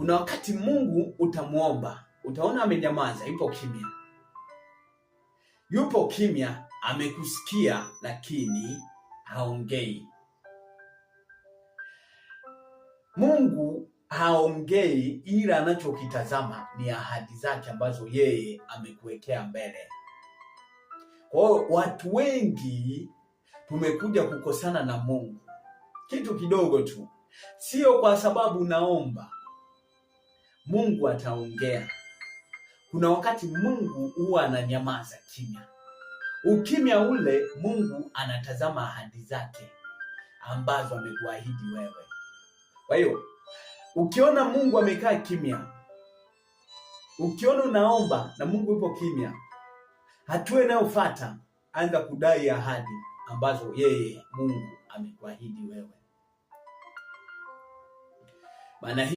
Kuna wakati Mungu utamwomba, utaona amenyamaza, yupo kimya, yupo kimya, amekusikia lakini haongei. Mungu haongei, ila anachokitazama ni ahadi zake ambazo yeye amekuwekea mbele. Kwa watu wengi tumekuja kukosana na Mungu kitu kidogo tu, sio kwa sababu naomba Mungu ataongea. Kuna wakati Mungu huwa ananyamaza kimya. Ukimya ule Mungu anatazama ahadi zake ambazo amekuahidi wewe. Kwa hiyo ukiona Mungu amekaa kimya, ukiona unaomba na Mungu yupo kimya, hatua inayofuata anza kudai ahadi ambazo yeye Mungu amekuahidi wewe. Maana